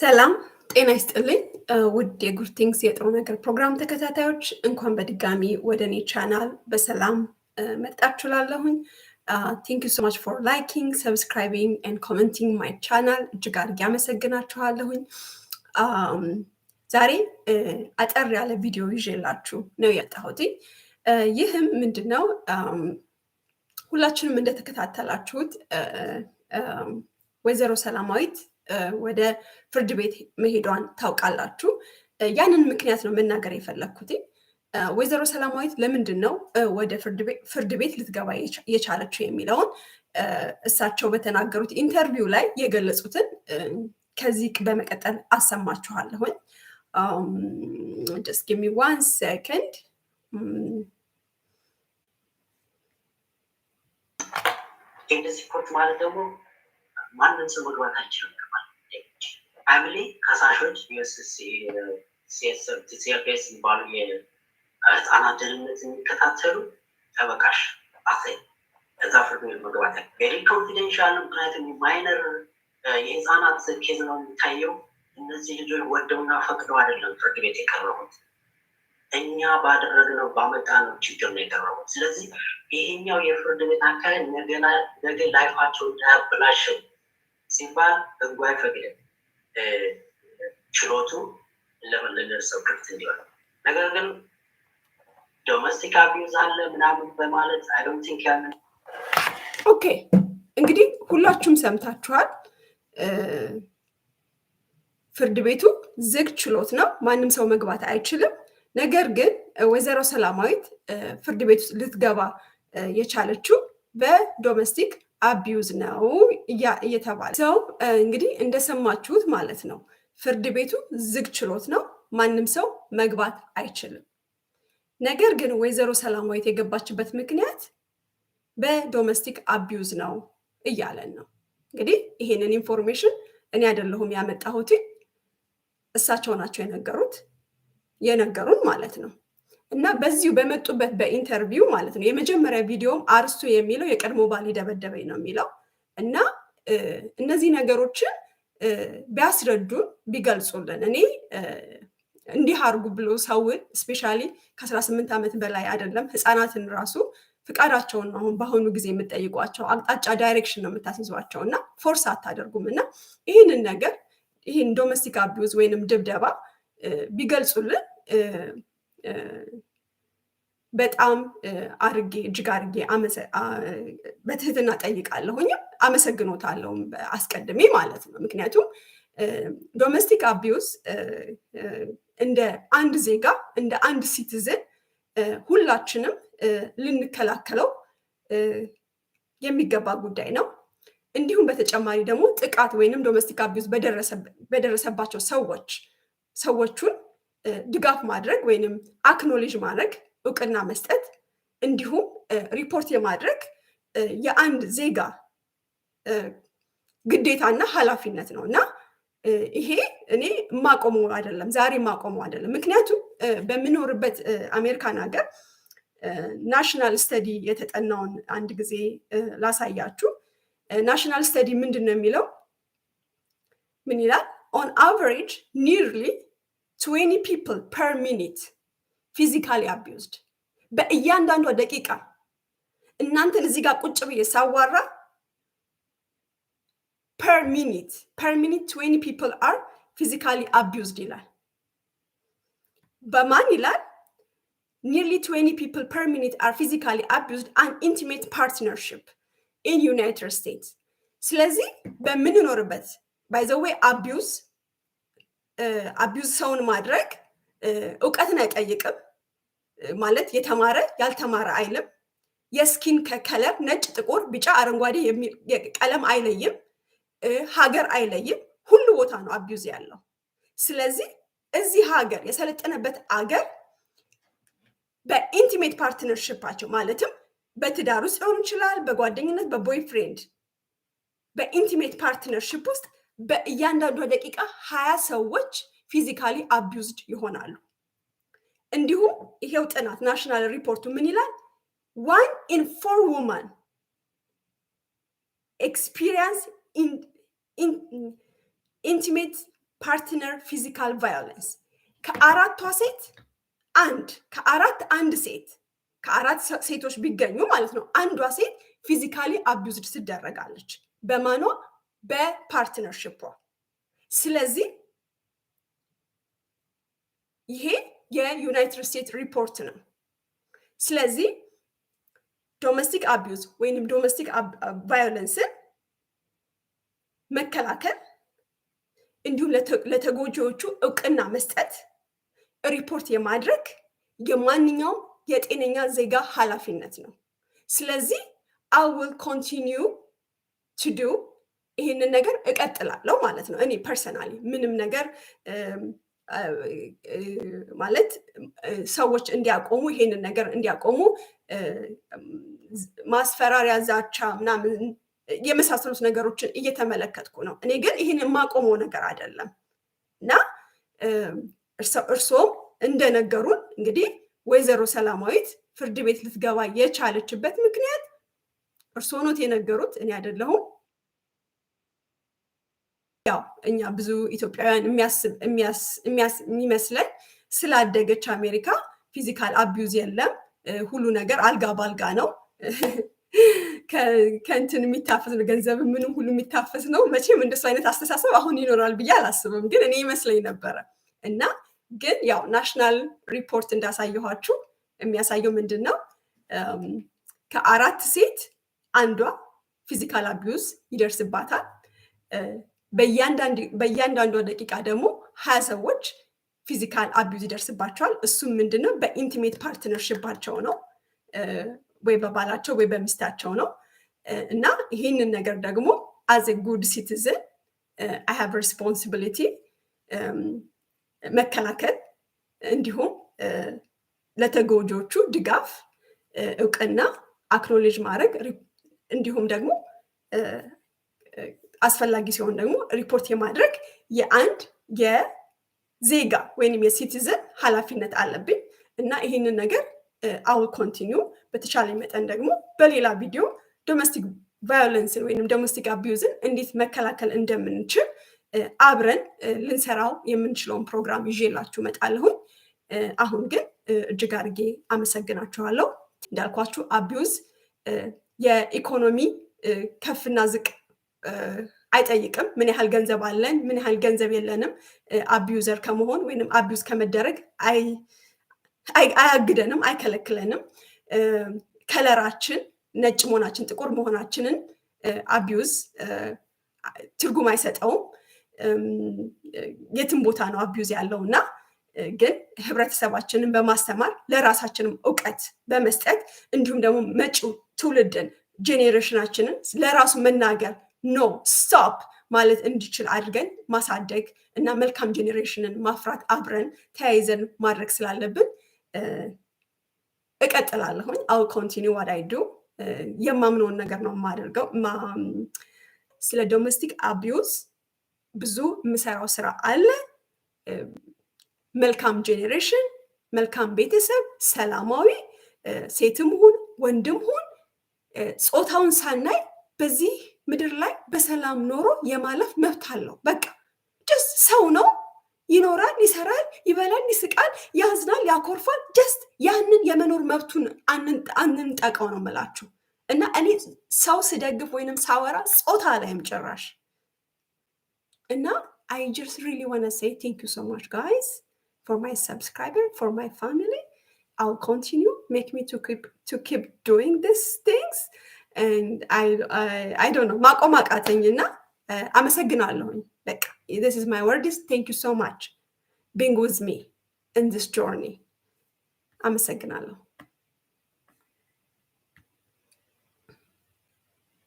ሰላም ጤና ይስጥልኝ። ውድ የጉድ ቲንግስ የጥሩ ነገር ፕሮግራም ተከታታዮች እንኳን በድጋሚ ወደ እኔ ቻናል በሰላም መጣችሁ ላለሁኝ። ቲንክ ዩ ሶ ማች ፎር ላይኪንግ ሰብስክራይቢንግ ኤንድ ኮመንቲንግ ማይ ቻናል እጅግ አድርጌ አመሰግናችኋለሁኝ። ዛሬ አጠር ያለ ቪዲዮ ይዤላችሁ ነው የመጣሁት። ይህም ምንድን ነው ሁላችንም እንደተከታተላችሁት ወይዘሮ ሰላማዊት ወደ ፍርድ ቤት መሄዷን ታውቃላችሁ። ያንን ምክንያት ነው መናገር የፈለግኩት። ወይዘሮ ሰላማዊት ለምንድን ነው ወደ ፍርድ ቤት ልትገባ የቻለችው የሚለውን እሳቸው በተናገሩት ኢንተርቪው ላይ የገለጹትን ከዚህ በመቀጠል አሰማችኋለሁኝ። ጀስት ጊቭ ሚ ዋን ሴከንድ። እንደዚህ ኮርት ማለት ደግሞ ማንም ሰው መግባት አይችልም። ፋሚሊ ከሳሾች ዩስሲኤፍኤስ የሚባሉ የህፃናት ደህንነት የሚከታተሉ ተበቃሽ አሰ እዛ ፍርድ ቤት መግባት ቬሪ ኮንፊደንሻል። ምክንያቱም ማይነር የህፃናት ኬዝ ነው የሚታየው። እነዚህ ልጆች ወደውና ፈቅደው አይደለም ፍርድ ቤት የቀረቡት እኛ ባደረግነው ባመጣነው ችግር ነው የቀረቡት። ስለዚህ ይሄኛው የፍርድ ቤት አካል ነገ ላይፋቸው እንዳያበላሸው ሲባል ህጉ አይፈቅድም። ችሎቱ ለመለደርሰው ክፍት እንዲሆነ ነገር ግን ዶሜስቲክ አቢዩዝ አለ ምናምን በማለት አይዶንት ቲንክ ያለ ኦኬ እንግዲህ ሁላችሁም ሰምታችኋል ፍርድ ቤቱ ዝግ ችሎት ነው ማንም ሰው መግባት አይችልም ነገር ግን ወይዘሮ ሰላማዊት ፍርድ ቤት ልትገባ የቻለችው በዶሜስቲክ አቢዩዝ ነው እየተባለ ሰው እንግዲህ እንደሰማችሁት ማለት ነው። ፍርድ ቤቱ ዝግ ችሎት ነው። ማንም ሰው መግባት አይችልም። ነገር ግን ወይዘሮ ሰላማዊት የገባችበት ምክንያት በዶሜስቲክ አቢዩዝ ነው እያለን ነው። እንግዲህ ይሄንን ኢንፎርሜሽን እኔ አይደለሁም ያመጣሁት፣ እሳቸው ናቸው የነገሩት የነገሩን ማለት ነው። እና በዚሁ በመጡበት በኢንተርቪው ማለት ነው የመጀመሪያ ቪዲዮም አርስቱ የሚለው የቀድሞ ባል ደበደበኝ ነው የሚለው እና እነዚህ ነገሮችን ቢያስረዱን ቢገልጹልን እኔ እንዲህ አርጉ ብሎ ሰውን ስፔሻሊ ከአስራ ስምንት ዓመት በላይ አይደለም ህፃናትን ራሱ ፍቃዳቸውን አሁን በአሁኑ ጊዜ የምጠይቋቸው አቅጣጫ ዳይሬክሽን ነው የምታስይዟቸው እና ፎርስ አታደርጉም እና ይህንን ነገር ይህን ዶሜስቲክ አቢውዝ ወይንም ድብደባ ቢገልጹልን በጣም አርጌ እጅግ አርጌ በትህትና ጠይቃለሁኝ። አመሰግኖታለሁ አስቀድሜ ማለት ነው። ምክንያቱም ዶሜስቲክ አቢዩስ እንደ አንድ ዜጋ እንደ አንድ ሲቲዝን ሁላችንም ልንከላከለው የሚገባ ጉዳይ ነው። እንዲሁም በተጨማሪ ደግሞ ጥቃት ወይንም ዶሜስቲክ አቢዩስ በደረሰባቸው ሰዎች ሰዎቹን ድጋፍ ማድረግ ወይንም አክኖሌጅ ማድረግ እውቅና መስጠት እንዲሁም ሪፖርት የማድረግ የአንድ ዜጋ ግዴታና ኃላፊነት ነው እና ይሄ እኔ ማቆመው አይደለም፣ ዛሬ ማቆመው አይደለም። ምክንያቱም በምኖርበት አሜሪካን ሀገር ናሽናል ስተዲ የተጠናውን አንድ ጊዜ ላሳያችሁ። ናሽናል ስተዲ ምንድን ነው የሚለው? ምን ይላል? ኦን አቨሬጅ ኒርሊ 20 ፒፕል ፐር ሚኒት ፊዚካሊ አቢውዝድ በእያንዳንዷ ደቂቃ እናንተ እዚህ ጋር ቁጭ ብዬ ሳዋራ ፐር ሚኒት ፐር ሚኒት ትዌኒ ፒፕል አር ፊዚካሊ አቢውዝድ ይላል። በማን ይላል? ኒርሊ ትዌኒ ፒፕል ፐር ሚኒት አር ፊዚካሊ አቢውዝድ አን ኢንቲሜት ፓርትነርሽፕ ኢን ዩናይትድ ስቴትስ። ስለዚህ በምንኖርበት ባይ ዘ ዌይ አቢውዝ አቢዩዝ ሰውን ማድረግ እውቀትን አይጠይቅም። ማለት የተማረ ያልተማረ አይልም። የስኪን ከለር ነጭ፣ ጥቁር፣ ቢጫ፣ አረንጓዴ ቀለም አይለይም። ሀገር አይለይም። ሁሉ ቦታ ነው አቢዩዝ ያለው። ስለዚህ እዚህ ሀገር የሰለጠነበት አገር በኢንቲሜት ፓርትነርሽፓቸው ማለትም በትዳር ውስጥ ሊሆን ይችላል፣ በጓደኝነት፣ በቦይ ፍሬንድ በኢንቲሜት ፓርትነርሽፕ ውስጥ በእያንዳንዷ ደቂቃ ሀያ ሰዎች ፊዚካሊ አቢውዝድ ይሆናሉ። እንዲሁም ይሄው ጥናት ናሽናል ሪፖርቱ ምን ይላል? ዋን ኢን ፎር ውማን ኤክስፒሪየንስ ኢንቲሜት ፓርትነር ፊዚካል ቫዮለንስ ከአራቷ ሴት አንድ ከአራት አንድ ሴት ከአራት ሴቶች ቢገኙ ማለት ነው አንዷ ሴት ፊዚካሊ አቢዝድ ትደረጋለች በማኗ በፓርትነርሽፕ ስለዚህ ይሄ የዩናይትድ ስቴትስ ሪፖርት ነው። ስለዚህ ዶሜስቲክ አቢዩዝ ወይንም ዶሜስቲክ ቫዮለንስን መከላከል እንዲሁም ለተጎጂዎቹ እውቅና መስጠት ሪፖርት የማድረግ የማንኛውም የጤነኛ ዜጋ ኃላፊነት ነው። ስለዚህ አይ ዊል ኮንቲኒዩ ቱ ዱ ይህንን ነገር እቀጥላለሁ ማለት ነው። እኔ ፐርሰናሊ ምንም ነገር ማለት ሰዎች እንዲያቆሙ ይሄንን ነገር እንዲያቆሙ ማስፈራሪያ፣ ዛቻ ምናምን የመሳሰሉት ነገሮችን እየተመለከትኩ ነው። እኔ ግን ይህን የማቆመው ነገር አይደለም እና እርስዎም እንደነገሩን እንግዲህ ወይዘሮ ሰላማዊት ፍርድ ቤት ልትገባ የቻለችበት ምክንያት እርስዎ ኖት የነገሩት፣ እኔ አይደለሁም። ያው እኛ ብዙ ኢትዮጵያውያን የሚመስለን ስላደገች አሜሪካ ፊዚካል አቢዩዝ የለም፣ ሁሉ ነገር አልጋ ባልጋ ነው፣ ከንትን የሚታፈስ ነው፣ ገንዘብ ምንም ሁሉ የሚታፈስ ነው። መቼም እንደሱ አይነት አስተሳሰብ አሁን ይኖራል ብዬ አላስብም፣ ግን እኔ ይመስለኝ ነበረ እና ግን ያው ናሽናል ሪፖርት እንዳሳየኋችሁ የሚያሳየው ምንድን ነው ከአራት ሴት አንዷ ፊዚካል አቢዩዝ ይደርስባታል። በእያንዳንዷ ደቂቃ ደግሞ ሀያ ሰዎች ፊዚካል አቢዩዝ ይደርስባቸዋል። እሱም ምንድነው በኢንቲሜት ፓርትነርሽባቸው ነው ወይ በባላቸው ወይ በሚስታቸው ነው። እና ይህንን ነገር ደግሞ አዝ ጉድ ሲቲዝን አይ ሃቭ ሬስፖንሲቢሊቲ መከላከል እንዲሁም ለተጎጆቹ ድጋፍ፣ እውቅና፣ አክኖሌጅ ማድረግ እንዲሁም ደግሞ አስፈላጊ ሲሆን ደግሞ ሪፖርት የማድረግ የአንድ የዜጋ ወይም የሲቲዝን ኃላፊነት አለብኝ እና ይህንን ነገር አው ኮንቲኒ በተቻለ መጠን ደግሞ በሌላ ቪዲዮ ዶሜስቲክ ቫዮለንስን ወይም ዶሜስቲክ አቢዩዝን እንዴት መከላከል እንደምንችል አብረን ልንሰራው የምንችለውን ፕሮግራም ይዤላችሁ እመጣለሁኝ። አሁን ግን እጅግ አድርጌ አመሰግናችኋለሁ። እንዳልኳችሁ አቢዩዝ የኢኮኖሚ ከፍና ዝቅ አይጠይቅም። ምን ያህል ገንዘብ አለን፣ ምን ያህል ገንዘብ የለንም፣ አቢዩዘር ከመሆን ወይም አቢዩዝ ከመደረግ አያግደንም፣ አይከለክለንም። ከለራችን፣ ነጭ መሆናችን፣ ጥቁር መሆናችንን አቢዩዝ ትርጉም አይሰጠውም። የትም ቦታ ነው አቢዩዝ ያለው እና ግን ህብረተሰባችንን በማስተማር ለራሳችንም እውቀት በመስጠት እንዲሁም ደግሞ መጪው ትውልድን ጄኔሬሽናችንን ለራሱ መናገር ኖ ስቶፕ ማለት እንዲችል አድርገን ማሳደግ እና መልካም ጄኔሬሽንን ማፍራት አብረን ተያይዘን ማድረግ ስላለብን እቀጥላለሁኝ። አው ኮንቲኒ ዋት አይ ዱ የማምነውን ነገር ነው የማደርገው። ስለ ዶሜስቲክ አቢዩዝ ብዙ የምሰራው ስራ አለ። መልካም ጄኔሬሽን፣ መልካም ቤተሰብ፣ ሰላማዊ ሴትም ሁን ወንድም ሁን ጾታውን ሳናይ በዚህ ምድር ላይ በሰላም ኖሮ የማለፍ መብት አለው። በቃ ጀስት ሰው ነው፣ ይኖራል፣ ይሰራል፣ ይበላል፣ ይስቃል፣ ያዝናል፣ ያኮርፋል። ጀስት ያንን የመኖር መብቱን አንንጠቀው ነው የምላችሁ። እና እኔ ሰው ስደግፍ ወይንም ሳወራ ጾታ ላይም ጭራሽ እና አይ ጀስት ሪሊ ዋና ሴይ ቴንክ ዩ ሶ ማች ጋይስ ፎር ማይ ሰብስክራይበር ፎር ማይ ፋሚሊ አው ኮንቲኒ ሜክ ሚ ቱ ኪፕ ዶይንግ ዲስ ቲንግስ and I uh, I, don't know. Mako maka tenyina. I'm a signalon. Like this is my word is thank you so much, being with me in this journey. I'm a signalon.